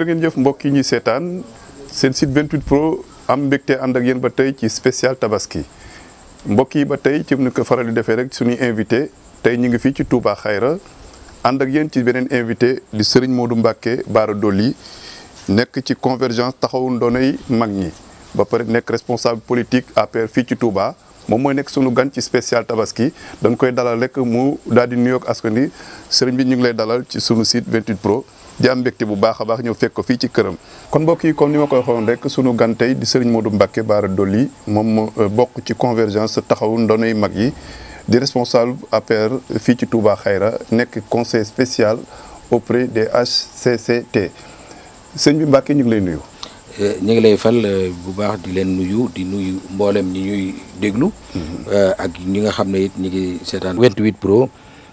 jërë ngeen jëf mbokk yi ñuy seetaan seen site 28 pro am mbégte ànd ak yéen ba tey ci spécial tabaski mbokk yi ba tey ci nu ko faral di defee rek suñuy invité tey ñu ngi fii ci Touba Xayra ànd ak yéen ci beneen invité di Serigne Modou Mbacké Bara Dolly nekk ci convergence taxawu ndoonay mag ñi ba pare nekk responsable politique APR fii ci Touba moom mooy nekk sunu gan ci spécial tabaski dañ koy dalal rekk mu daal di nuyoog askan wi sëriñ bi ñu ngi lay dalal ci sunu site 28 pro. di am bu baax a baax ñëw fekk ko fii ci këram kon mbokk yi comme ni ma koy waxoon rek sunu gan tey di Serigne Modou Mbacké Bara Dolly moom mu euh, bokk ci convergence taxawu ndonoy mag yi di responsable APR fii ci Touba Xayra nekk conseil spécial auprès des HCCT sëñ bi Mbacké ñu ngi lay nuyu. Euh, ñu ngi lay fal euh, bu baax di leen nuyu di nuyu mboolem ñi ñuy déglu. Mm-hmm. ak ñi nga xam ne it ñu ngi seetaan 28 pro.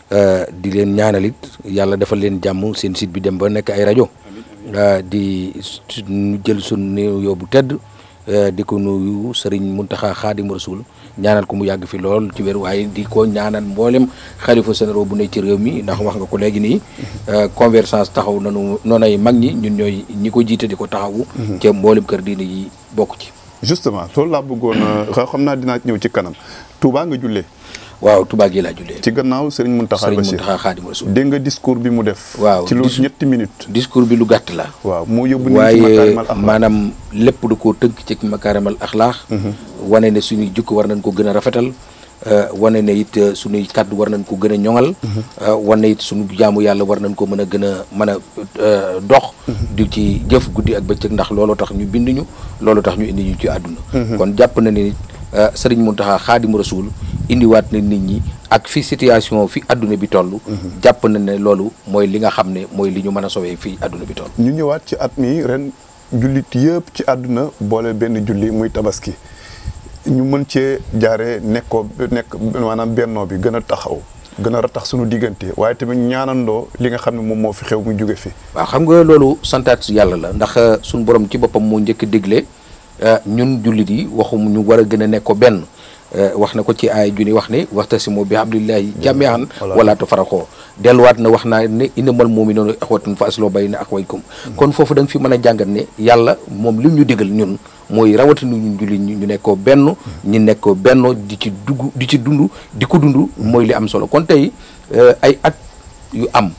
Eh, di leen ñaanalit yàlla defal leen jàmm seen sit bi dem ba nekk ay rajo eh, di jël sun nuyoo bu tedd eh, di ko nuyu sëriñ Muntaxa Xaadim Rasul ñaanal ko mu yàgg fi lool ci wér waaye di ko ñaanal mboolem xalifa généraux bu ne ci réew mi ndax wax nga ko léegi nii convergence taxaw nanu noonay mag ñi ñun ñooy ñi ko jiite di ko taxawu mhm. ca mboolem kër diine yi bokk ci justement loolu laa bëggoon xam naa dinaa ñëw ci kanam Touba nga jullee waaw Touba yi laa jullee. ci gannaaw Serigne Mountakha Bachir Serigne Mountakha Khadim Rasoul. dégg nga discours bi mu def. waaw ci lu ñetti minutes. discours bi lu gàtt la. waaw moo yóbbu nit ci makaarimal axlaax maanaam lépp da koo tënk ci makaarimal axlaax. Mhm. wane ne suñuy jukk war nañ ko gën a rafetal. Euh, wane ne it euh, suñuy kàddu war nañ ko gën a ñoŋal. Mhm. Euh, wane it suñu jaamu yàlla war nañ ko mën a gën a mën a dox. Mhm. di ci jëf guddi ak bëccëg ndax looloo tax ñu binduñu ñu. looloo tax ñu indi ñu ci àdduna. kon jàpp na ne. Euh, sëriñ Mountakha Xaadimu Rasuul indiwaat na nit ñi ak fi situation fi àdduna bi toll. Mhm. jàpp na ne loolu mooy li nga xam ne mooy li ñu mën a soowee fii àdduna bi toll. ñu ñëwaat ci at mi ren jullit yëpp ci àdduna boole benn julli muy tabaski ñu mën cee jaaree nekkoo nekk maanaam bennoo bi gën a taxaw. gën a ratax suñu diggante waaye tamit ñaanandoo li nga xam ne moom moo fi xew mu jóge fi. waa xam nga loolu santaat yàlla la ndax euh, suñu borom ci boppam moo njëkk a digle. Eh, ñun jullit yi waxum ñu war a gën a nekk ko benn eh, wax na ko ci aay junni wax ne waxtasimu bi hablillahi jami'an mm-hmm. wala tafarraqu delluwaat na wax naa ne moom innamal mu'minuna bay fa ak bayna akhawaykum mm-hmm. kon foofu danga fi mën a jàngat ne yàlla moom lim ñu déggal ñun mooy rawatina ñun jullit ñu nekkoo benn mm-hmm. ñu nekkoo benn di ci dugg di ci dund di ko dund mooy li am solo kon tey eh, ay at yu am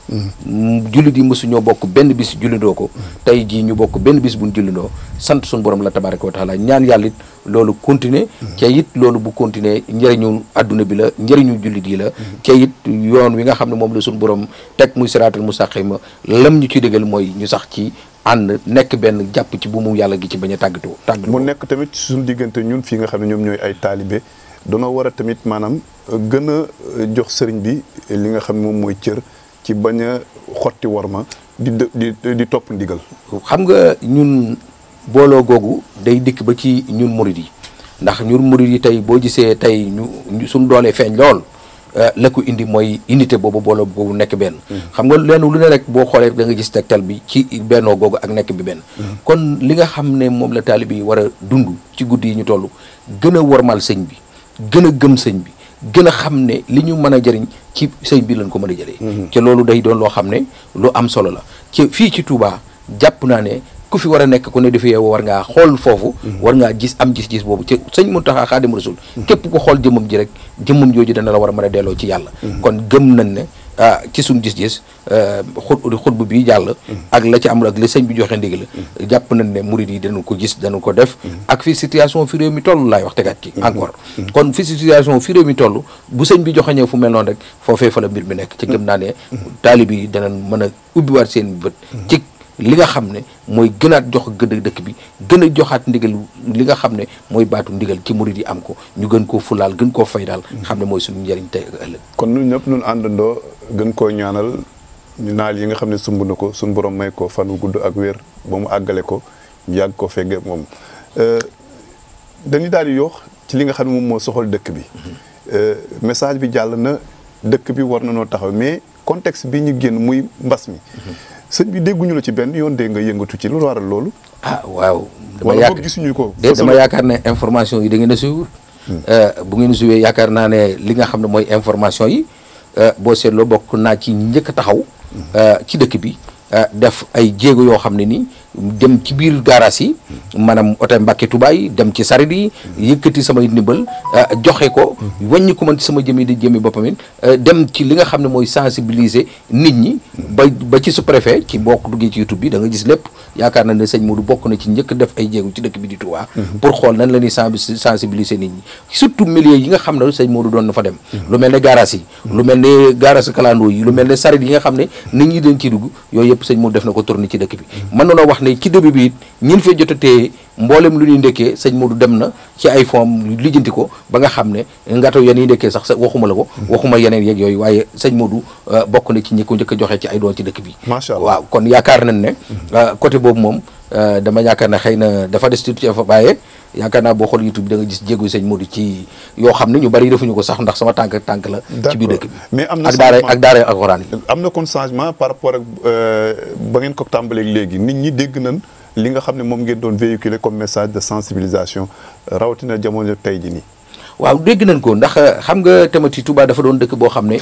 jullit yi mësuñoo bokk benn bis jullindoo ko tey jii ñu bokk benn bis buñ jullindoo sant suñ borom la tabaraka wa taala ñaan yàlla it loolu continuer ca loolu bu continuer njëriñu àdduna bi la njëriñu julli yi la ca yoon wi nga xam ne moom la suñ borom teg muy siraatal mustaqima lam ñu ci digal mooy ñu sax ci ànd nekk benn jàpp ci bu mu yàlla gi ci bañ a tàggatoo tàggatoo mu nekk tamit suñu diggante ñun fii nga xam ne ñoom ñooy ay taalibe danoo war a tamit maanaam gën a jox sëriñ bi li nga xam moom mooy cër ci bañ a xotti war ma di di di topp ndigal. xam nga ñun booloo googu day dikk ba ci ñun murid yi ndax ñun murid yi tey boo gisee tey ñu suñu doolee feeñ lool. Eh, la ko indi mooy unité boobu booloo boobu nekk benn. Mm-hmm. xam nga lenn lu ne rek boo xoolee da nga gis tegtal bi ci bennoo googu ak nekk bi benn. Mm-hmm. kon li nga xam ne moom la taalibe yi war a dund ci guddi yi ñu toll gën a wormal sëñ bi gën a gëm sëñ bi. gën a xam ne li ñu mën a jariñ ci sëñ bi lañ ko mën a jëlee ca mhm. loolu day doon loo xam ne lu am solo la ci fii ci tuubaa jàpp naa ne ku fi war a nekk ku ne dafa yeewoo war ngaa xool foofu mhm. war ngaa gis am gis-gis boobu ci sëñ Muntaxa Xaadimu Rasuul mhm. képp ko xool jëmmam ji rek jëmmam jooju dana la war a mën a delloo ci yàlla kon gëm nañ ne ah ci suñu gis-gis eh, xut bu bi jàll mm-hmm. ak la ci am ak la sëñ bi joxe ndigal mm-hmm. jàpp nañ ne murid yi danu ko gis danu ko def mm-hmm. ak fi situation fi réew mi toll laay wax tegaat ci encore kon fi situation fi réew mi toll bu sëñ bi joxe ñëw fu mel noon rek foofee fa la mbir mi nekk ci gëm naa ne taalib yi danañ mën a ubbiwaat seen bët ci li nga xam ne mooy gënaat jox gëdd dëkk bi gën a joxaat ndigal li nga xam ne mooy baatu ndigal ci murid yi am ko ñu gën koo fulaal gën koo fay daal mm. xam ne mooy suñu njëriñ kon ñun ñëpp ñun àndandoo gën koo ñaanal ñu naal yi nga xam ne sumb na ko suñu borom may ko fan nu gudd ak wér ba mu àggale ko ñu yàgg ko fegge moom euh, dañuy daal di yoox ci li nga xam ne moom moo soxal dëkk bi mm-hmm. euh, message bi jàll na dëkk bi war na noo taxaw mais contexte bi ñu génn muy mbas mi mm-hmm. sëñ bi dégguñu la ci benn yoon dégg nga yëngatu ci lu waral loolu. ah waaw. dama yaakaar gisuñu ko. de yaakaar ne information yi da ngeen a suivre. Hmm. Euh, bu ngeen suivee yaakaar naa ne li nga xam ne mooy information yi euh, boo seet seetloo bokk naa ci njëkk a taxaw. Hmm. Euh, ci dëkk bi def ay jéego yoo xam ne nii. dem ci biir gaaraas yi maanaam oto Mbàkke Tuubaa yi dem ci sarit yi yëkkati samay ndimbal ah, joxe ko wañ ko man ci sama jëmi di jëmi boppam ah, dem ci li nga xam ne mooy sensibiliser nit ñi ba ba ci sous ci boo duggee ci YouTube bi da nga gis lépp yaakaar na ne sëñ Modou bokk na ci njëkk def ay jéegu ci dëkk bi di Tuubaa pour xool nan la ñuy sensibiliser nit ñi surtout milieu yi nga xam ne sëñ Modou doon na fa dem mel ne gaaraas yi lu mel ne gaaraas kalandoo yi lu mel ne sarit yi nga xam ne nit ñi dañ ciy dugg yooyu yëpp sëñ Modou na ko tourné ci dëkk bi mën na wax léegi ci début bi it ñin fee jot a mboolem lu ñuy ndekkee sañ Modou dem na ci ay form lijjanti ko ba nga xam ne ngataw yan yi ndekkee sax waxuma la ko mm-hmm. waxuma yeneen yeeg yooyu waaye sëñ Modou euh, bokk na ci ñi ko njëkk joxe ci ay doon ci dëkk bi macha waaw kon yaakaar nañ ne mm-hmm. euh, côté boobu moom euh, dama yaakaar ne xëy na dafa des tuuti fa bàyyee yaakaar naa boo xool YouTube bi da nga gis jéego sëñ ci yoo xam ne ñu bari defuñu ko sax ndax sama tànk tànk la. ci biir dëkk mais am na ak daara ak daara ak alxuraan am na kon changement par rapport ak euh, ba ngeen ko tàmbalee léegi nit ñi dégg nan li nga xam ne moom ngeen doon véhiculer comme message de sensibilisation rawatina jamono tey ji nii. waaw dégg nañ ko ndax euh, xam nga tamati tubaa dafa doon dëkk boo xam ne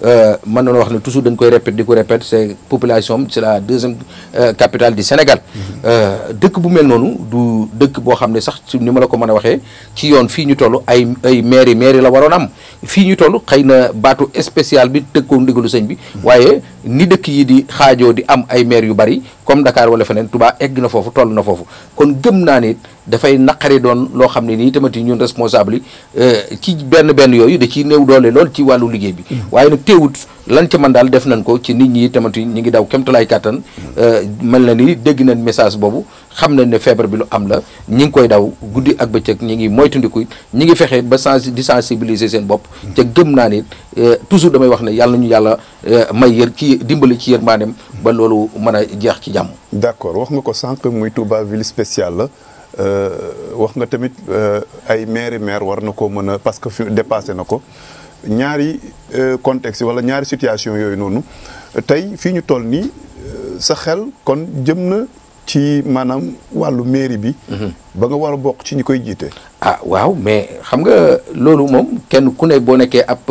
euh, mën nañu wax ne toujours dañ koy répété di ko répété c'est population c'est la deuxième euh, capitale du Sénégal mm-hmm. dëkk bu mel noonu du dëkk boo xam ne sax ni ma la ko mën a waxee ci yoon fii ñu toll ay ay mairie mairie la waroon am fii ñu toll xëy na baatu spécial bi tëkkoo ndigalu sëñ bi mm-hmm. waaye ni dëkk yi di xaajoo di am ay maire yu bari comme Dakar wala feneen Touba egg na foofu toll na foofu kon gëm naa ne dafay naqari doon loo xam ne nii tamit ñun responsable yi euh, ci benn benn yooyu da ciy néew doole lool ci wàllu liggéey bi. Mm-hmm. waaye nag teewut lan ca man daal def nañ ko ci nit ñi tamit ñu ngi daw kéemtalaay kàttan. Mm-hmm. Euh, mel na ni dégg na message boobu xam na ne feebar bi lu am la ñi ngi koy daw guddi ak bëccëg ñi ngi moytandiku ñi ngi fexe ba sens di sensibiliser seen bopp. Mm-hmm. te gëm naa ne euh, toujours damay wax ne yàlla ñu yàlla may yër ci dimbali ci yërmaaneem ba loolu mën a jeex ci jàmm. d'accord wax nga ko sànq muy Touba ville la. Euh, wax nga tamit euh, ay maire maire war na ko mën a parce que fi dépassé na ko ñaari euh, contexte wala ñaari situation yooyu noonu tey fii ñu toll nii sa xel kon jëm na ci maanaam wàllu mairie bi. Mhm. ba nga war a bokk ci ñu koy jiite. ah waaw mais xam nga loolu moom kenn ku ne boo nekkee ab.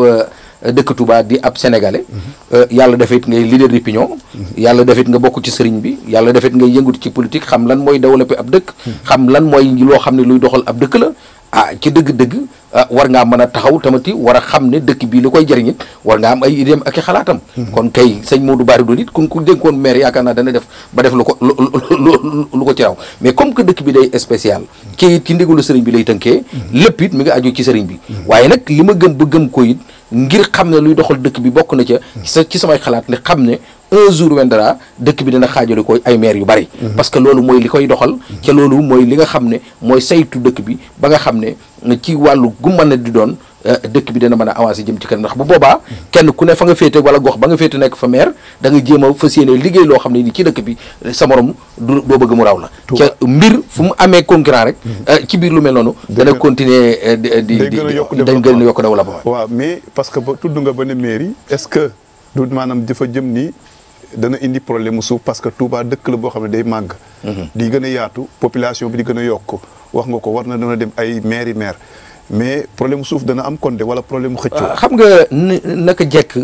dëkk Touba di ab sénégalais euh, yàlla defit ngay leader d'opinion yàlla defit nga bokk ci sëriñ bi yàlla defit ngay yëngatu ci politique xam lan mooy développer ab dëkk hmm. xam lan mooy loo xam ne luy doxal ab dëkk la ah ci dëgg-dëgg Ah, war ngaa mën a taxaw tamati war a xam ne dëkk bii li koy jëriñit war nga am ay idéem ak i xalaatam mhm. kon kay sëñ Modou Bara Dolly it ku ku dénkoon maire yaakaar naa dana def ba def lu ko lu ko ci raw mais comme que dëkk bi day spécial mhm. kii it ci ndigalu sëriñ bi lay tënkee mhm. lépp it mi ngi aju ci sëriñ bi waaye nag li ma gëm ba gëm ko ngir xam ne luy doxal dëkk bi bokk na ca sa ci samay xalaat ne xam ne un jour wendara dëkk bi dana xaajale ko ay maire yu bari parce que loolu mooy li koy doxal ca loolu mooy li nga xam ne mooy saytu dëkk bi ba nga xam ne ci wàllu gu mën na di doon euh, dëkk bi dana mën a avancer jëm ci kanam ndax bu boobaa kenn ku ne fa nga féete wala gox ba nga féete nekk fa maire da nga jéem a fas yéene liggéey loo xam ne ni ci dëkk bi euh, sa morom du doo bëgg mu fu mu amee concurrent rek mm-hmm. euh, ci biir lu mel noonu dana continuer di dañ gën a yokk développement waaw mais parce que ba tudd nga ba ne mairie est que du maanaam dafa jëm ni dana indi problème mu suuf parce que Touba dëkk la boo xam ne day màgg mm-hmm. di gën a yaatu population bi di gën a yokk wax nga ko war na dana dem ay maire maire mais problème suuf dana am kon de wala problème xëccoo. Euh, xam nga naka jekk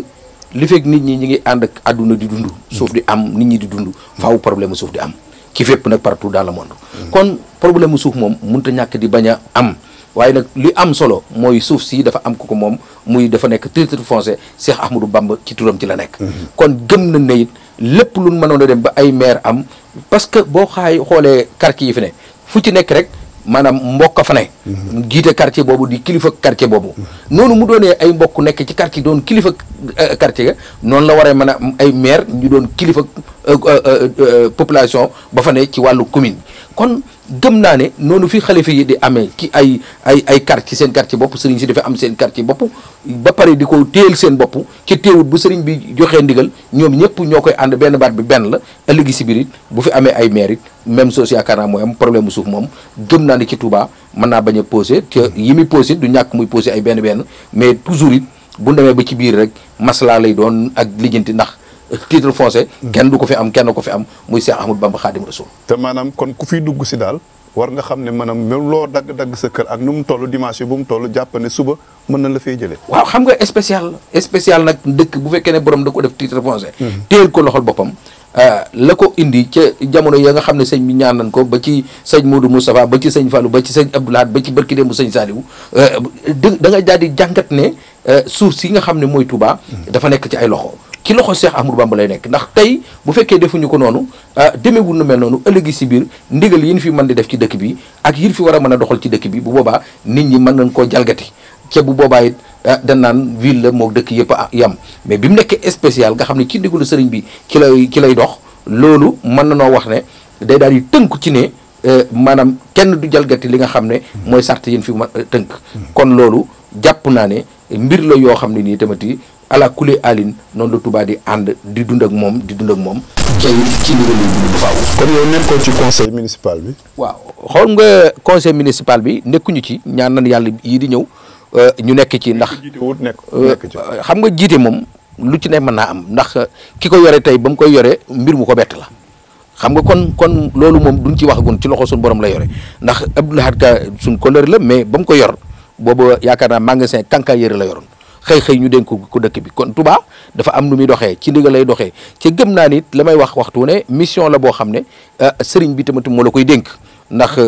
li fekk nit ñi ñi ngi ànd ak àdduna di dund. suuf di am nit ñi di dund. faaw problème suuf di am. ki fépp nag partout dans le monde. Hmm. kon problème suuf moom mënut a ñàkk di bañ am. waaye nag li am solo mooy suuf si dafa am ko ko moom muy dafa nekk titre foncier Cheikh Ahmadou Bamba ci turam ci la nekk. Hmm. kon gëm na ne lépp lu mënoon a dem ba ay maire am parce que boo xaay xoolee quartier yi fi ne fu ci nekk rek. maanaam mbokk fa ne mhm. jiite quartier boobu di kilifa quartier boobu mhm. noonu mu doonee ay mbokk nekk ci quartier doon kilifa euh, quartier ga noonu la waree mën a ay maire ñu doon kilifa euh, euh, population ba fanee ci wàllu commune kon gëm naa ne noonu fi xalifa yi di amee ki ay ay ay quartier seen quartier bopp sëriñ si dafa am seen quartier bopp ba pare di ko téyel seen bopp ci téewut bu sëriñ bi joxee ndigal ñoom ñëpp ñoo koy ànd benn baat bi benn la ëllëgi si bu fi amee ay maire it même chose yaakaar naa mooy am problème mu suuf moom gëm naa ne ci Touba mën naa bañ a posé yi muy posé du ñàkk muy posé ay benn benn mais toujours yi bu demee ba ci biir rek maslaa lay doon ak lijjanti ndax titre foncier kenn du ko fi am kenn ko fi am muy Cheikh Ahmadou Bamba Khadim Rasoul te maanaam kon ku fiy dugg si daal war nga xam ne maanaam même loo dagg-dagg sa kër ak nu mu tollu dimanche bu mu toll jàpp ne suba mën na la fay jëlee waaw xam nga spécial spécial nag dëkk bu fekkee ne borom da ko def titre foncier mhm. téel ko loxol boppam euh, la ko indi ca jamono ya nga xam ne sëñ bi ñaan nañ ko ba ci sëñ Modou Moustapha ba ci sëñ Fallou ba ci sëñ dem ba ci barki démb sëñ Saliou euh, da nga daal di jàngat ne euh, suuf si nga xam ne mooy Touba mhm. dafa nekk ci ay loxo ci loxo Cheikh Ahmadou Bamba lay nekk ndax tey bu fekkee defuñu ko noonu ah, demeewul nu mel noonu ëllëgi si biir ndigal yi ñu fi mën di def ci dëkk bi ak yi fi war a mën a doxal ci dëkk bi bu boobaa nit ñi mën nañ koo jalgati ca bu boobaa it ah, dañ naan ville la moog dëkk yëpp a yam mais bi mu nekkee spécial nga xam ne ci ndigalu sëriñ bi ci lay ci lay dox loolu mën na noo wax ne day daal yi tënku ci ne eh, maanaam kenn du jalgati li nga xam ne mooy sart yéen fi ma eh, tënk hmm. kon loolu jàpp naa ne mbir la yoo xam ne nii tamit ala kule alin noonu la tubaa di ànd di dund ak moom di dund ak moom. tey ci li nga dund faaw. bi. waaw xool nga conseil municipal bi nekkuñu ci ñaan nan yàlla yii di ñëw euh, ñu nekk ci ndax. Euh, xam nga jiite moom lu ci ne mën naa am ndax ki ko yore tey ba mu koy yore mbir mu ko bett la. xam nga kon kon loolu moom duñ ci wax gun ci loxo suñu borom la yore ndax Abdou Lahad Ka suñ kóllëre la mais ba mu ko yor boobu yaakaar naa magasin kanka yëre la yoroon. xëy-xëy ñu dénk ko dëkk bi kon tubaa dafa am nu muy doxee ci ndigal lay doxee ci gëm naa nit la may wax waxtu ne mission la boo xam ne ah, sëriñ bi tamit moo la koy dénk ndax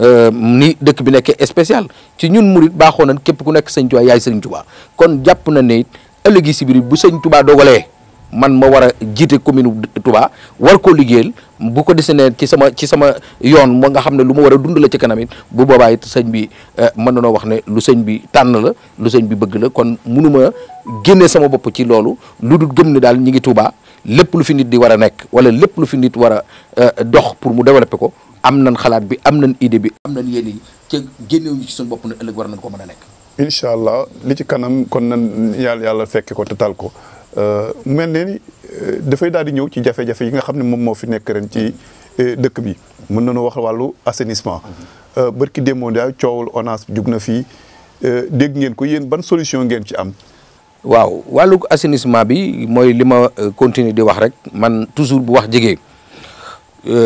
euh, ni dëkk bi nekkee spécial ci ñun mu baaxoo nañ képp ku nekk sëñ Touba yaay sëriñ Touba kon jàpp na ne ëllëgi si bu sëñ tubaa Touba dogalee man ma war a jiite commune tubaa war koo liggéeyal bu ko dessiné ci sama ci sama yoon moo nga xam ne lu ma war a dund la ci kanam it bu boobaa it sëñ bi eh, mën na noo wax ne lu sëñ bi tànn la lu sëñ bi bëgg la kon munuma génne sama bopp ci loolu lu dul gëm ne daal ñi ngi Tuubaa lépp lu fi nit di war a nekk wala lépp lu fi nit war a eh, dox pour mu développer ko am nañ xalaat bi am na idée bi am nañ yéene yi ca génnewuñu ci suñu bopp ne ëllëg war nañ ko mën a nekk incha allah li ci kanam kon nan yàlla yàlla fekke ko te ko eh, Euh, dafay daal di ñëw ci jafe-jafe yi nga xam ne moom moo fi nekk ren ci euh, dëkk bi mun na nañu wax wàllu assainissement euh, bërki démb daal coowul ONAS jug na fii dégg ngeen ko yéen ban solution ngeen ci am. waaw wàllu assainissement bi mooy li ma continuer di wax rek man toujours bu wax jege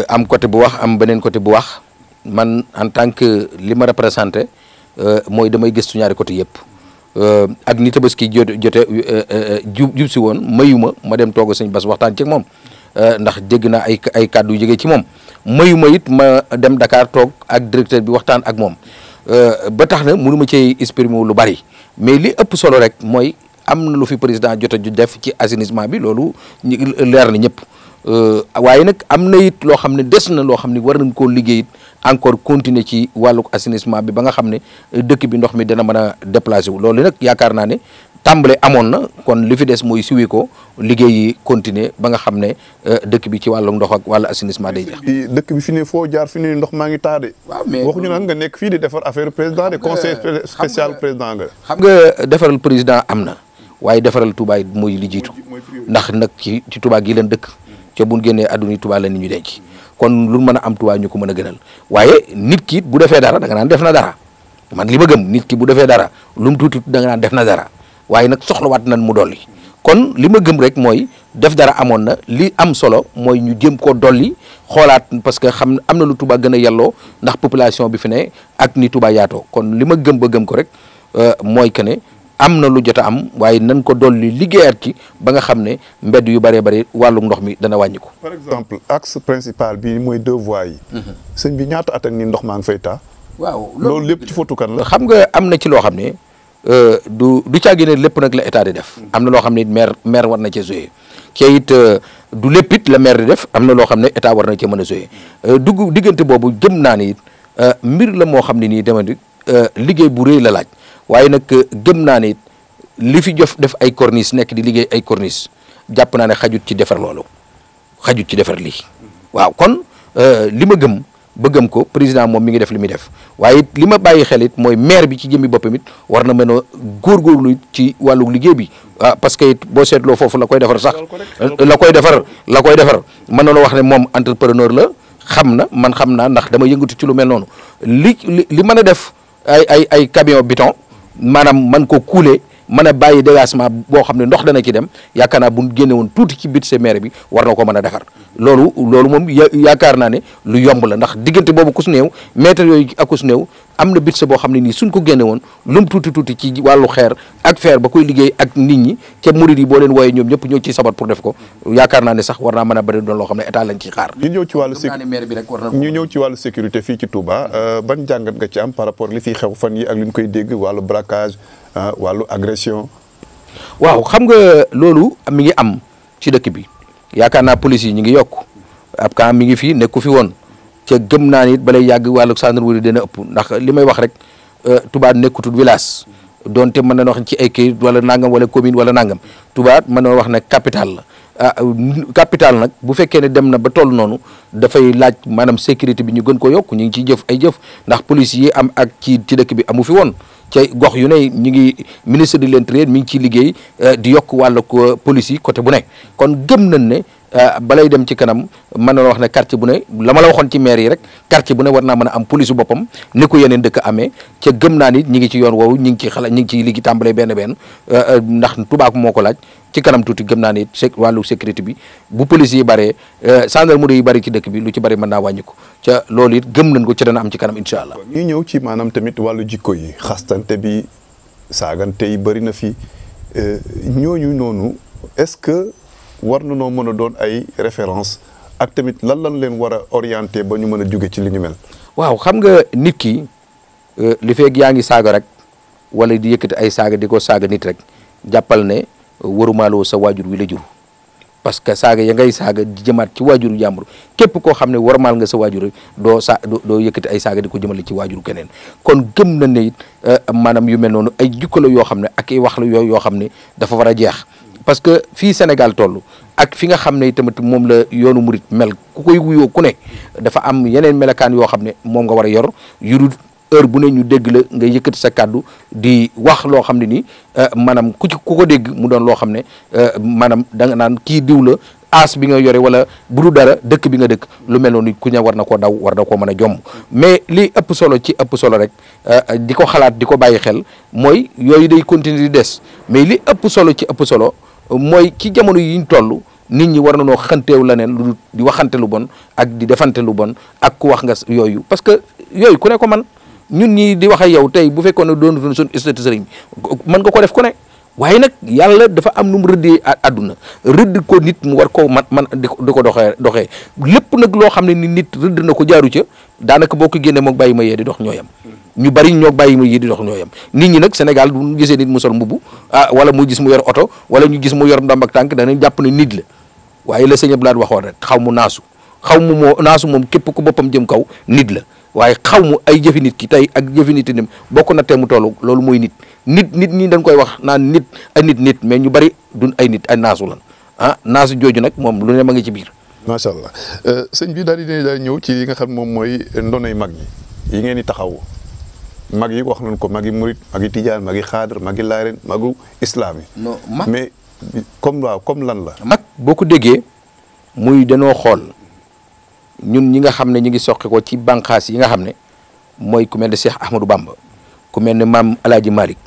am côté bu wax am beneen côté bu wax man en tant que li ma représenté mooy damay gëstu ñaari côté yëpp. Euh, ak ni tabaski jote jote euh, euh, jub jub si woon mayuma ma dem toog sëñ Bass waxtaan ci moom ndax dégg naa ay ay kàddu yu jógee ci moom mayuma it ma dem Dakar toog ak directeur bi waxtaan ak moom ba tax na mënu ma cee exprimer lu bari mais li ëpp solo rek mooy am na lu fi président jot a def ci assainissement bi loolu leer na ñëpp waaye nag am na yit loo xam ne des na loo xam ne war nañ koo liggéey encore continuer ci wàllu assainissement bi ba nga xam ne euh, dëkk bi ndox mi dana mën a déplacé wu loolu nag yaakaar naa ne tàmbale amoon na kon li fi des mooy suwi ko liggéey continuer ba nga xam ne euh, dëkk bi ci wàllu ndox ak wàllu assainissement day dëkk bi fi ne foo jaar fi ne ndox maa ngi taade waaw mais waxuñu nag nga nekk fii di defar affaire président de conseil spécial président nga xam nga defaral président am na waaye defaral Touba mooy li jiitu ndax nag ci ci Touba gi leen dëkk ca buñ génnee adduna Touba la ni ñu denc kon lu mën a am Touba ñu ko mën a gënal waaye nit ki bu defee dara da naan def na dara man li ma gëm nit ki bu defee dara lu mu tuuti da naan def na dara waaye nag soxlawaat nañ mu dolli kon li ma gëm rek mooy def dara amoon na li am solo mooy ñu jëm koo dolli xoolaat parce que xam am na lu tubaa gën a yelloo ndax population bi fi ne ak ni Touba yaatoo kon li ma gëm ba gëm ko rek euh, mooy que ne am na lu jot am waaye nañ ko dolli liggéeyaat ci ba nga xam ne mbedd yu bëree bëri wàllum ndox mi dana wàññi ko. par exemple axe principal bi mooy deux voies yi. Mhm. sëñ bi ñaata at ni ndox maa ngi fay taa. waaw loolu lépp ci fotu kan la. xam nga am na ci loo xam ne euh, du du caagi ne lépp nag la état di def. Mhm. am na loo xam ne maire maire war na cee jouer cee it euh, du lépp it la def am na loo xam ne état war na cee mën a jouer euh, dugg diggante boobu jëm naa ni it mbir la moo xam ne nii dama di liggéey bu rëy la laaj. waaye nag euh, gëm naa ne li fi jof def ay corniche nekk di liggéey ay corniche jàpp naa ne xajut ci defar loolu xajut ci defar lii waaw kon euh, li ma gëm bëggam ko président moom mi ngi def li muy def waaye it li ma bàyyi xel it mooy maire bi ci jëmmi boppam it war na mën góor góorgóorlu ci wàllu liggéey bi ah parce que it boo seetloo foofu la koy defar sax la koy defar la koy defar mën na la wax ne moom entrepreneur la xam na man xam naa ndax dama yëngatu ci lu mel noonu li li mën a def ay ay ay camion biton maanaam man ko couler mën a bàyyi dégagement boo xam ne ndox dana ci dem yaakaar naa bu génne woon tuuti ci bit sa bi war ko mën a defar loolu loolu moom yaakaar naa ne lu yomb la ndax diggante boobu kus néew mètre yooyu ak kus néew am na budget boo xam ne nii suñ ko génne woon lum tuuti tuuti ci wàllu xeer ak feer ba koy liggéey ak nit ñi ca murid yi boo leen wooyee ñoom ñëpp ñoo ci sabat pour def ko yaakaar naa ne sax war naa mën a bëri doon loo xam ne état lañ ciy xaar ñu ñëw ci wàllu ñu ñëw ci wàllu sécurité fii ci Touba euh, ban jàngat nga ci am par rapport li fi xew fan yi ak li koy dégg wàllu braquage euh, wàllu agression waaw xam nga loolu mi ngi am ci dëkk bi yaakaar naa police yi ñu ngi yokk ab camp mi ngi fii nekku fi woon ca gëm naa ni it balay yàgg wàllu gendarmerie dina ëpp ndax li may wax rek euh, Touba nekkutul village donte mën na wax ci ay kayit wala nangam wala commune wala nangam Touba mën na wax ne capital la ah capitale nag bu fekkee ne dem na ba toll noonu dafay laaj maanaam sécurité bi ñu gën ko yokk ñu ngi ciy jëf ay jëf ndax police yi am ak ci ci dëkk bi amu fi woon. ce gox yu ne ñu ngi ministre de l'intérieur mi ngi ciy liggéey euh, di yokk wàllu euh, police yi côté bu ne kon gëm nañ ne euh, balay dem ci kanam mën na wax ne quartier bu ne la ma la waxoon ci maire yi rek quartier bu ne war naa mën a am police boppam ni ko yeneen dëkk amee ca gëm naa nit ñi ngi ci yoon woowu ñi ngi ci xalaat ñi ngi ci liggéey tàmbalee benn benn ndax tubaab moo ko laaj ci kanam tuuti gëm naa ne it wàllu sécurité bi bu police yi bëree euh, gendarmerie yi bëri ci dëkk bi lu ci bëri mën naa wàññi ko ca loolu it gëm nañ ko ci dana am ci kanam incha allah. ñuy ñëw ci maanaam tamit wàllu jikko yi xastante bi saagante yi bëri na fi euh, ñooñu noonu est-ce que war na noo mën a doon ay référence ak tamit lan lan leen war a orienté ba ñu mën a jóge ci li ñu mel. waaw xam nga nit ki euh, li feeg yaa ngi saaga rek wala di yëkkati ay saaga di ko saaga nit rek jàppal ne. warumaaloo sa waajur wi la jur parce que saaga ya ngay saaga jëmaat ci waajuru jàmbur képp koo xam ne warmaal nga sa waajur doo sa doo yëkkati ay saaga di ko jëmale ci waajuru keneen kon gëm na ne it euh, maanaam yu mel noonu ay jukka yoo xam ne ak i wax la yoo yoo xam ne dafa war a jeex parce que fii Sénégal toll ak fi nga xam ne tamit moom la yoonu murit mel ku koy wuyoo ku ne dafa am yeneen melakaan yoo xam ne moom nga war a yor yu heure bu ne ñu dégg la nga yëkkati sa kàddu di wax loo xam ne nii euh, maanaam ku ku ko dégg mu doon loo xam ne euh, maanaam da nga naan kii diw la as bi nga yore wala bu du dara dëkk bi nga dëkk lu mel noonu ku ne war na koo daw war na koo mën a jomm mais li ëpp solo ci ëpp solo rek euh, di ko xalaat di ko bàyyi xel mooy yooyu day continuer des mais li ëpp solo ci ëpp solo mooy ci jamono yi ñu toll. nit ñi war na nañoo xanteew leneen lu di waxante lu bon ak di defante lu bon ak ku wax nga yooyu parce que yooyu ku ne ko man ñun ñii di wax ak yow tey bu fekkoon ne doon suñu statut sëriñ mën nga ko def ku ne waaye nag yàlla dafa am nu mu rëddee àdduna rëdd ko nit mu war ko man man di ko doxee doxee lépp nag loo xam ne ni nit rëdd na ko jaaru ca daanaka boo ko génne moog bàyyi ma yee di dox ñooyam ñu bari ñoo bàyyi ma yee di dox ñooyam nit ñi nag Sénégal bu gisee nit mu sol mbubb ah wala mu gis mu yor oto wala ñu gis mu yor ndomb ak tànk danañ jàpp ne nit la waaye la sëñ Abdoulaye waxoon rek xaw mu naasu xaw mu moo naasu moom képp ku boppam jëm kaw nit la waaye xaw mu ay jëfi nit ki tey ak jëfi nit itam bokk na te mu toll loolu mooy nit nit nit ñi dañ koy wax naan nit ay nit nit mais ñu bari duñ ay nit ay naasu lan ah naasu jooju nag moom lu ne ma ngi ci biir. macha allah euh, sëñ bi daal ñëw ci li nga xam moom mooy ndonay mag ñi yi ngeen di taxaw mag yi wax nañ ko magi murit magi tijaan magi xaadar magi laareen magu islaam yi. mais comme waaw comme lan la. mag boo ko déggee muy danoo xool. ñun ñi nga xam ne ñu ngi soqi ko ci bànqaas yi nga xam ne mooy ku mel ne Cheikh Ahmadou Bamba ku mel ne maam El Hadj Malick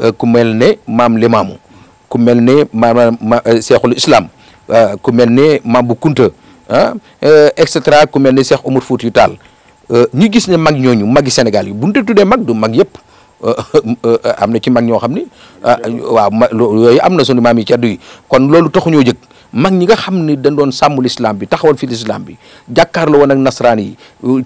euh, ku mel ne maam Limaamu ku mel ne maam euh, Cheikhul Islam euh, ku mel ne maam bu Kunta ah et cetera ku mel ne Cheikh Oumar yu taal ñu gis ne mag ñooñu magi Sénégal yi bu ñu tuddee mag du mag yëpp. am na ci mag ñoo xam ni ah, waaw ma yooyu am na sonu maam yi caddu yi kon loolu taxuñoo jëkk mag ñi nga xam ne dañ doon sàmm lislaam bi taxawal fi lislaam bi jàkkaarloo woon ak nasaraan yi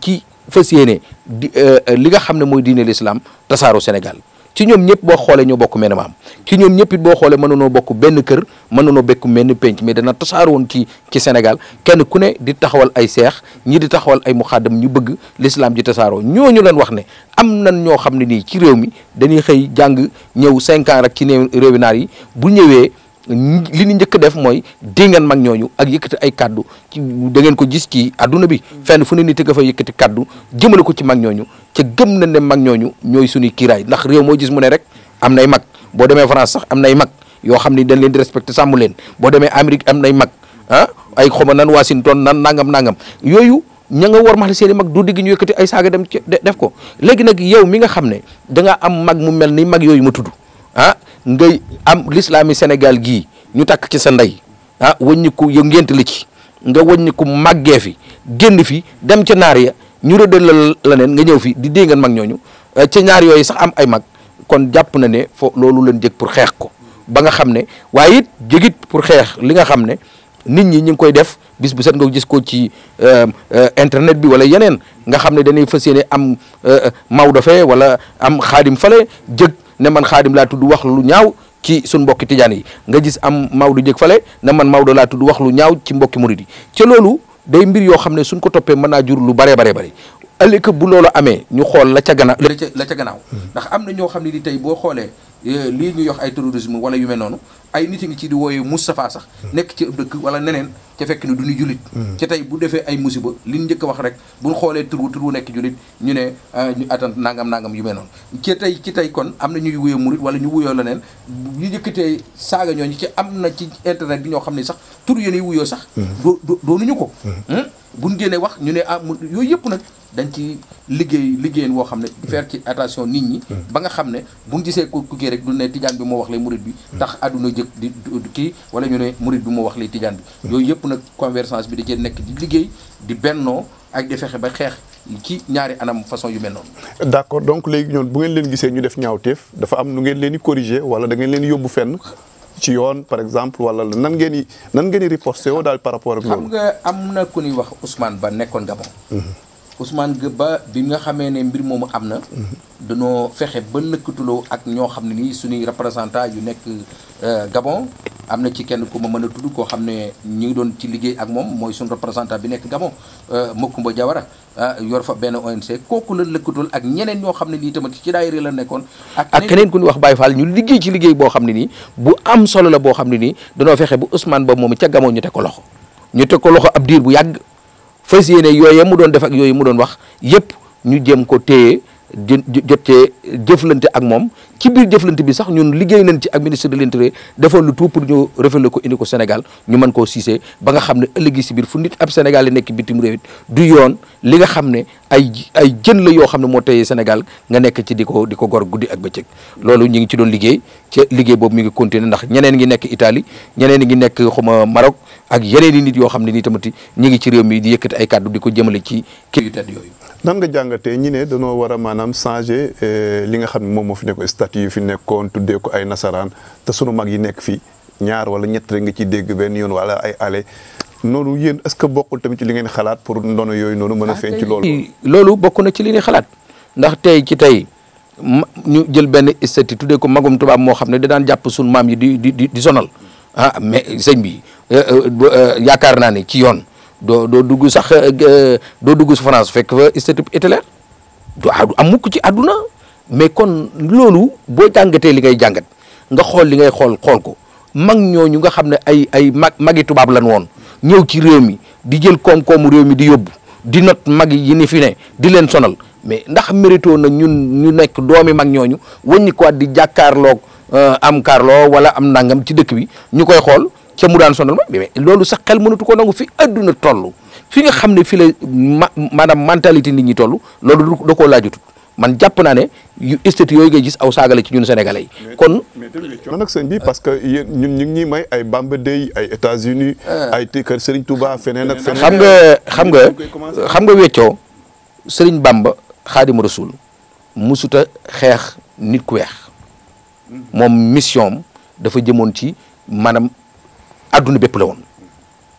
ci euh, fas yéene di euh, li nga xam ne mooy diine lislaam tasaaro Sénégal ci ñoom ñëpp boo xoolee ñoo bokk menn maam ci ñoom ñëpp boo xoolee mënunoo bokk benn kër mënunoo bekk menn penc mais dana tasaaroon ci ci Sénégal kenn ku ne di taxawal ay seex ñi di taxawal ay muxaadam ñu bëgg lislaam ji tasaaroo ñoo ñu leen wax ne am na ñoo xam ne nii ci réew mi dañuy xëy jàng ñëw cinq ans ci néew réewi yi bu ñëwee li ñu njëkk def mooy di ngeen mag ñooñu ak yëkkati ay kaddu ci da ngeen ko jis ci àdduna bi mm. fenn fu ne nit ka fa yëkkati kaddu jëmale ko ci mag ñooñu ca gëm na ne mag ñooñu ñooy suñuy kiiraay ndax réew moo gis mu ne rek am nay mag boo demee France sax am nay mag yoo xam ni dañ leen di respecté sàmm leen boo demee Amérique am nay mag ah ay xoma nan Washington nan nangam nangam yooyu ña nga war maxle seen mag du digg ñu yëkkati ay saaga dem def ko léegi nag yow mi nga xam ne da nga am mag mu mel ni mag yooyu ma tudd ah ngay am lislaami Sénégal gi ñu takk ci sa ndey ah wëññiku yo ngent li ci nga wëññiku màggee fi génn fi dem ca naar ya ñu rëddal la leneen nga ñëw fi di dée ngeen mag ñooñu eh, ci ñaar yooyu sax am ay mag kon jàpp na ne fo loolu leen jëg pour xeex ko ba nga xam ne waaye it jëgit pour xeex li nga xam ne nit ñi ñu ngi koy def bis bu set nga gis ko ci euh, euh, internet bi wala yeneen nga xam ne dañuy fa yéene am euh, Maodo fee wala am xaadim fale jëg ne man xaadim laa tudd wax lu ñaaw ci suñ mbokki tijaan yi nga gis am Maodo jëg fale ne man Maodo laa tudd wax lu ñaaw ci mbokki murid yi ca loolu day mbir yoo xam ne suñ ko toppee mën naa jur lu baree baree bëri ëllëg bu loolu amee ñu xool la ca gannaaw la ca gannaaw hmm. ndax am na ñoo xam ne di tey boo xoolee Euh, lii ñu yox ay terrorisme wala yu mel noonu ay nit ngi ci di wooyu Moustapha sax nekk ci ëpp dëkk wala neneen ca fekk ni du ñu jullit hmm. ca tey bu defee ay musiba li ñu njëkk wax rek bu buñ xoolee tur tur wu nekk jullit ñu ne ah, ñu attan nangam nangam yu mel noonu ci tey ci tey kon am na ñuy wuyoo murit wala ñu wuyoo leneen ñu njëkkatee saaga ñooñu ci am na ci internet bi ñoo xam ne sax tur yéen wuyoo sax hmm. doo doonuñu ko hmm. bu ñu génnee wax ñu ne ah yooyu yëpp nag dañ ci liggéey liggéeyin woo xam ne faire ci attention nit ñi hmm. ba nga xam ne bu ñu gisee ku kii rek du ne tijaan bi moo wax lay murit bi hmm. tax àdduna jëkk di kii wala ñu ne murit bi moo wax lay tijaan bi hmm. yooyu yëpp nag convergence bi di cee nekk di liggéey di bennoo ak di fexe ba xeex ci ñaari anam façon yu mel noonu d'accord donc léegi ñoon bu ngeen leen gisee ñu def ñaawteef dafa am nu ngeen leen di corriger wala da ngeen leen yóbbu fenn ci yoon par exemple wala nan ngeen i nan ngeen i daal par rapport ak loolu xam nga am na ku ñuy wax Ousmane Ba nekkoon Gabon mhm. Ousmane Gëba bi nga xamee ne mbir moomu am na. Mhm. danoo fexe ba lëkkatuloo ak ñoo xam ne nii suñuy représentant yu nekk euh, Gabon. am na ci kenn ku ma mën a tudd koo xam ne ñu ngi doon ci liggéey ak moom mooy suñu représentant bi nekk Gabon euh, Makumba Jawara ah, yor fa benn ONC kooku la lëkkatul ak ñeneen ñoo xam ne nii tamit ci daayira la nekkoon. ak keneen ku ñu wax Baye Fall ñu liggéey ci liggéey boo xam ne nii bu am solo la boo xam ne nii danoo fexe bu usman ba moom ca Gabon ñu teg ko loxo ñu ko loxo fas yéene yooye mu doon def ak yooyu mu doon wax yëpp ñu jéem ko téye jot cee jëflante ak moom ci biir jëflante bi sax ñun liggéey nañ ci ak ministre de l'intérieur defoon lu tout pour ñu reféle ko indi ko Sénégal ñu mën koo siisee ba nga xam ne ëllëgi si biir fu nit ab Sénégal nekk bitim réew it yoon li nga xam ne ay ay jën la yoo xam ne moo tey Sénégal nga nekk ci di ko di ko gor guddi ak bëccëg loolu ñu ngi ci doon liggéey ci liggéey boobu mi ngi continuer ndax ñeneen ngi nekk Italie ñeneen ngi nekk xuma Maroc ak yeneen i nit yoo xam ne nii tamati ñu ngi ci réew mi di yëkkati ay kàddu di ko jëmale ci kii yu yooyu nan nga jàngatee ñi ne dañoo war a maanaam changer eh, li nga xam ne moom moo fi nekko statut yi fi nekkoon tuddee ko ay nasaraan te sunu mag yi nekk fii ñaar wala ñett rek nga ci dégg benn yoon wala ay ale noonu yéen est que bokkul tamit ci li ngeen xalaat pour ndono yooyu noonu mën a feeñ ci loolu ah, loolu bokk na ci li ñuy xalaat ndax tey ci tey ñu jël benn statut tuddee ko magum tubaab moo xam ne da jàpp sunu maam yi di di di sonal ah mais sëñ bi euh, euh, euh, yaakaar naa ne ci yoon doo doo dugg sax euh, euh, doo dugg su France fekk fa statut Hitler du am mukk ci àdduna mais kon loolu boo jàngatee li ngay jàngat nga xool li ngay xool xool ko mag ñooñu nga xam ne ay ay mag magi tubaab lan woon ñëw ci réew mi di jël koom-koomu réew mi di yóbbu di not mag yi ni fi ne di leen sonal mais ndax mérito na ñun ñu nekk doomi mag ñooñu wëññi ko di jàkkaarloog euh, am kaarloo wala am nangam ci dëkk bi ñu koy xool ca mu daan sonal ma loolu sax xel mënatu ko nangu fi adduna toll fi nga xam ne fi la ma maanaam mentalité nit ñi toll loolu da koo laajutut man jàpp naa ne yu yooyu ngay gis aw saagale ci ñun sénégalais yi kon non nag sëñ bi parce que yéen ñun ñu ngi ñuy may ay Bamba Dey ay États-Unis ah. ay kër Serigne Touba feneen ak feneen xam nga xam nga xam nga weccoo Serigne Bamba Xaadimu Rasul musuta xeex nit ku weex hmm. moom mission dafa jëmoon ci maanaam adduna bépp la woon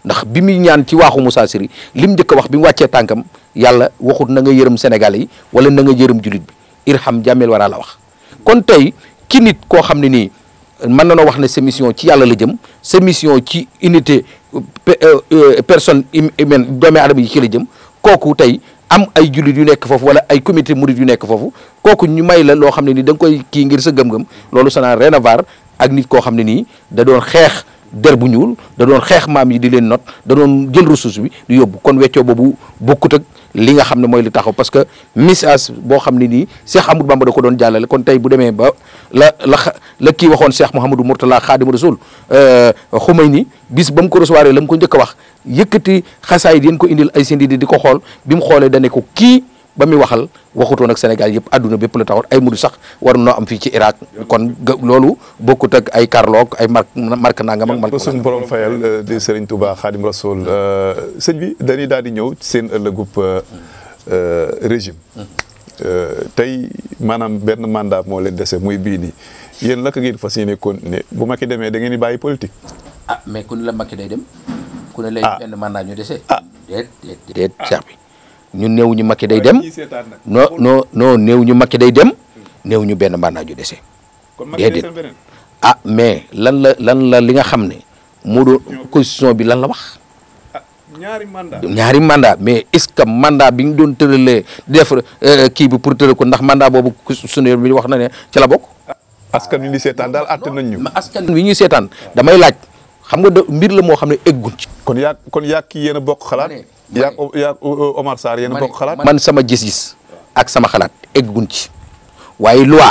ndax bi muy ñaan ci waaxu Moussa Siri lim njëkk a wax bi mu wàccee tànkam yàlla waxut na nga yërëm sénégalais yi wala na nga yërëm julit bi irham jàmmeel waraa la wax kon tey ki nit koo xam ne nii mën na noo wax ne sa ci yàlla la jëm sa ci unité euh, euh, personne humaine doomi aadama yi ci la jëm kooku tey am ay jullit yu nekk foofu wala ay comité murid yu nekk foofu kooku ñu may la loo xam ne nii da koy kii ngir sa gëm-gëm der bu ñuul da doon xeex maam yi di leen not da doon jël ressource bi di yóbbu kon weccoo boobu bokkut ak li nga xam ne mooy li taxaw parce que message boo xam ne nii Cheikh Amadou Bamba da ko doon jàllale kon tey bu demee ba la la la kii waxoon Cheikh Mouhamadou Mourtala Khadim Rasoul euh, nii bis ba mu ko recevoir la mu ko njëkk a wax yëkkati xasaayit yéen ko indil ay sindi di ko xool bi mu xoolee dane ko kii ba muy waxal waxutoon ak Sénégal yëpp àdduna bépp la taxoon ay mudu sax war noo am fii ci Irak kon loolu boo bokkut ak ay karlook ay mark mark nangam ak mark suñu borom fayal euh, di Serigne Touba Khadim Rasoul euh, sëñ bi dañuy daal di ñëw seen ëllëgub euh, régime tey maanaam benn mandat moo leen dese muy bii nii yéen la ko ngeen fas yéene bu Macky demee da ngeen di bàyyi politique ah mais ku ne la Macky day dem ku ne lay ah. benn mandat ñu dese ah. déet bi ñu néew ñu Macky day dem non non non néew ñu Macky day dem néew ñu benn mandat ju dese déedéet ah mais lan la lan la li nga xam ne moo doon constitution bi lan la wax ah, ñaari mandat ñaari mandat mais est-ce que mandat bi ñu doon tëralee def euh, kii bi pour tëral ko ndax mandat boobu constitution bi wax na ne ci la bokk askan wi ñu seetaan daal àtte nañ ñu askan wi ñuy seetaan damay laaj xam nga da mbir la moo xam ne egguñ ci kon yaa kon yaa kii bokk xalaat yaa yaa Omar Sarr yéen man sama gis-gis ak sama xalaat egguñ ci waaye loi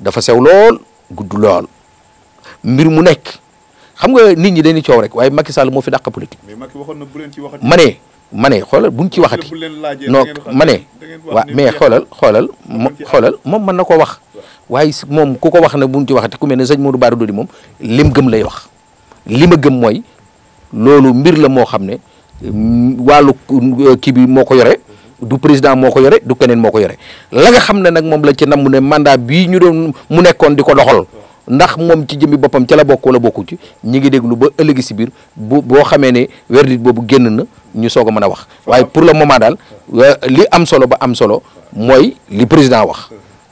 dafa sew lool gudd lool mbir mu nekk xam nga nit ñi dañuy coow rek waaye Macky Sall moo fi dàq politique. mais Macky waxoon na bu leen ci waxati. ma ne ma ne xoolal buñ ci waxati. non ma ne. waaw mais xoolal xoolal mo xoolal moom mën na ko wax. waaye si moom ku ko wax ne buñ ci waxati ku mel ne sëñ Modou Bara Dolly moom lim gëm lay wax li ma gëm mooy loolu mbir la moo xam ne. wàllu kii bi moo ko yore du président moo ko yore du keneen moo ko yore la nga xam ne nag moom la ci nam mu ne mandat bii ñu doon mu nekkoon di ko doxal ndax moom ci jëmmi boppam ca la bokk wala bokku ci ñi ngi déglu ba ëllëgi si biir bu boo xamee ne verdict boobu génn na ñu soog a mën a wax waaye pour le moment daal li am solo ba am solo mooy li président wax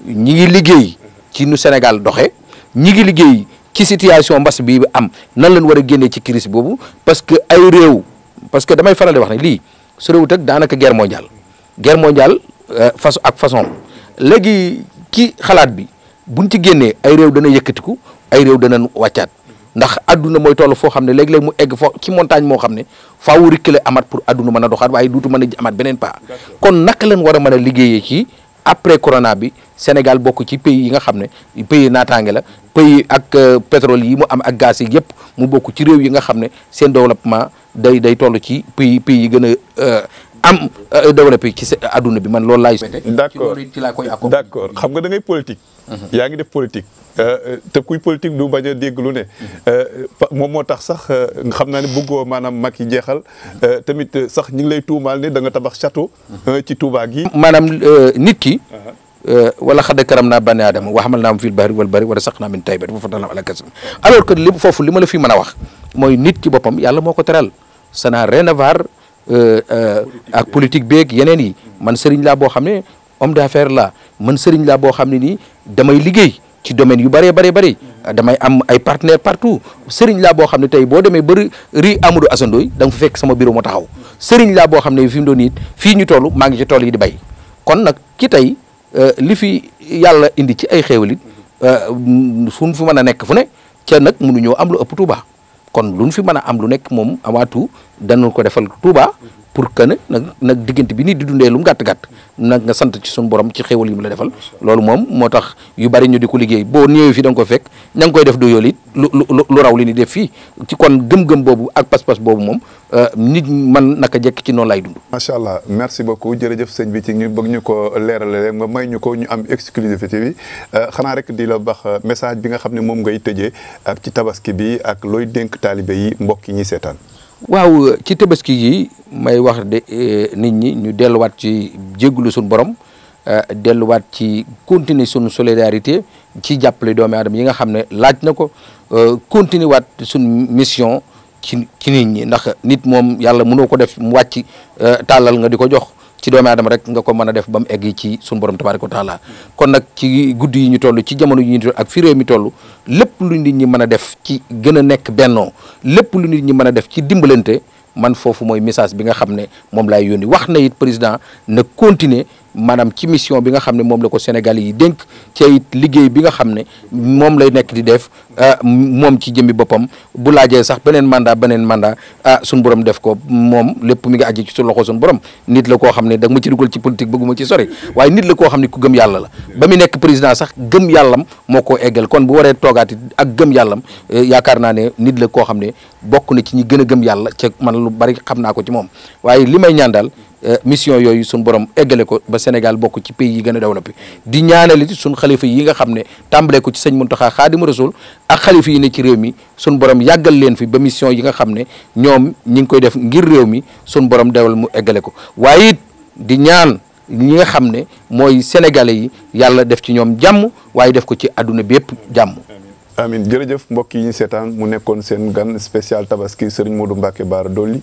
ñi ngi liggéey ci nu Sénégal doxe ñi ngi liggéey ci situation mbas bi am nan lañ war a génnee ci crise boobu parce que ay réew parce que damay faral di wax ne lii sorewut ak daanaka guerre mondiale guerre mondiale euh, façon ak façon léegi ki xalaat bi buñ ci génnee ay réew dana yëkkatiku ay réew dana wàccaat ndax adduna mooy toll foo xam ne léegi-léeg mu egg fo ci montagne moo xam ne faawu reculer amaat pour adduna mën a doxaat waaye duutu mën a amaat beneen pas kon naka leen war a mën a liggéeyee ki après corona bi Sénégal bokk ci pays yi nga xam ne pays naataange la pays ak euh, pétrole yi mu am ak gaz yi yëpp mu bokk ci réew yi nga xam ne seen développement day day toll ci pays pays yi gën a euh, am euh, développé ci adduna bi man loolu laay. d'accord ci laa koy accord d'accord xam nga da ngay politique. Mm-hmm. yaa ngi def politique. Euh, euh, te kuy politique du bañ a dégg lu ne. Mm-hmm. moom moo tax sax nga xam naa ne bëggoo maanaam mag yi jeexal mm-hmm. tamit sax ñu ngi lay tuumaal ne da nga tabax château. ci Touba gi. maanaam nit ki. Uh-huh. wala xadda karam naa bani aadama wa xamal naa mu fil bahri wal bari wa sax naa min taybat wa fadal naa ala kasim alors que li foofu li ma la fi mën a wax mooy nit boppam yàlla moo ko teral ça n'a Euh, euh, ak politique beeg yeneen yi man sëriñ laa boo xam ne homme affaire la man sëriñ laa boo xam ne nii damay liggéey ci domaine yu bëree bëree bëri damay am ay partenaire partout sëriñ la boo xam ne tey boo demee bëri ri Amadou Assandooy da nga fa fekk sama bureau moo taxaw sëriñ laa boo xam ne fi mu doon it fii ñu toll maa ngi ci tool yi di bay kon nag ki tey euh, li fi yàlla indi ci ay xéewal it fu mu mën a nekk fu ne ca nag mënuñoo am lu ëpp Tuuba kon lu ñu fi mën a am lu nekk moom amaatu danu ko defal Touba pour que ne nag nag diggante bi nii di dundee lu gàtt gàtt nag nga sant ci suñu borom ci xéwal yi mu la defal loolu moom moo tax yu bari ñu di ko liggéey boo ñëwee fii da nga fekk ña ngi koy def du yool it lu lu raw li ni def fii ci kon gëm-gëm boobu ak pas boobu moom euh, nit man naka jekk ci noonu lay dund. macha allah merci beaucoup jërëjëf sëñ bi ci ñu bëgg ñu ko leeralal nga may ñu ko ñu am exclusivité bi euh, xanaa rek di la bax euh, message bi nga xam ne moom ngay tëjee ak ci tabaski bi ak looy dénk taalibe yi mbokk yi ñuy seetaan. waaw ci tabaski yi may wax de eh, nit ñi ñu delluwaat ci jégglu suñu borom eh, delluwaat ci continuer suñu solidarité ci jàppale doomi aadama yi nga xam ne laaj na ko eh, continuer waat suñu mission ci ci nit ñi ndax nit moom yàlla mënoo ko def mu wàcc tàllal nga di ko jox ci doomu aadama rek nga ko mën a def ba mu egg ci sunu borom tabaaraka wa kon nag ci guddi yi ñu toll ci jamono yi ñu toll ak fi réew mi toll lépp lu nit ñi mën a def ci gën a nekk bennoo lépp lu ñu ñi mën a def ci dimbalante man foofu mooy message bi nga xam ne moom laay yónni wax na it président na continuer maanaam ci mission bi nga xam ne moom la ko Sénégal yi dénk te liggéey bi nga xam ne moom lay nekk di def euh, moom ci jëmmi boppam bu laajee sax beneen mandat beneen mandat ah suñu borom def ko moom lépp mi nga aji ci su loxo suñu borom nit la koo xam ne da nga ma ci dugal ci politique bëgguma ci sori waaye nit la koo xam ne ku gëm yàlla la ba mu nekk président sax gëm yàllam moo koo eggal kon bu waree toogaati ak gëm yàllam eh, yaakaar naa ne nit la koo xam ne bokk na ci ñi gën a gëm yàlla ca man lu bari xam naa ko ci moom waaye eh, ko Sénégal bokk ci pays yi gën a développé di ñaanaliti suñ xalifa yi nga xam ne tàmbale ko ci sëñ Muntaxa Xaadimu Rasul ak xalifa yi ne ci réew mi sun borom yàggal leen fi ba mission yi nga xam ne ñoom ñi ngi koy def ngir réew mi sun borom dewal mu eggale ko waaye it di ñaan ñi nga xam ne mooy sénégalais yi yàlla def ci ñoom jàmm waaye def ko ci àdduna bi yëpp jàmm amin jërëjëf mbokk yi ñu seetaan mu nekkoon seen gan spécial tabaski Serigne Modou Mbacké Bara Dolly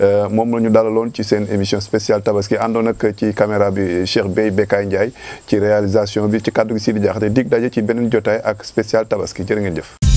euh, moom la ñu dalaloon ci seen émission spécial tabaski àndoon ak ci caméra bi Cheikh Bey Bekay Ndiaye ci réalisation bi ci kàddu gi Sidi Diakhaté dig daje ci beneen jotaay ak spécial tabaski jërë ngeen jëf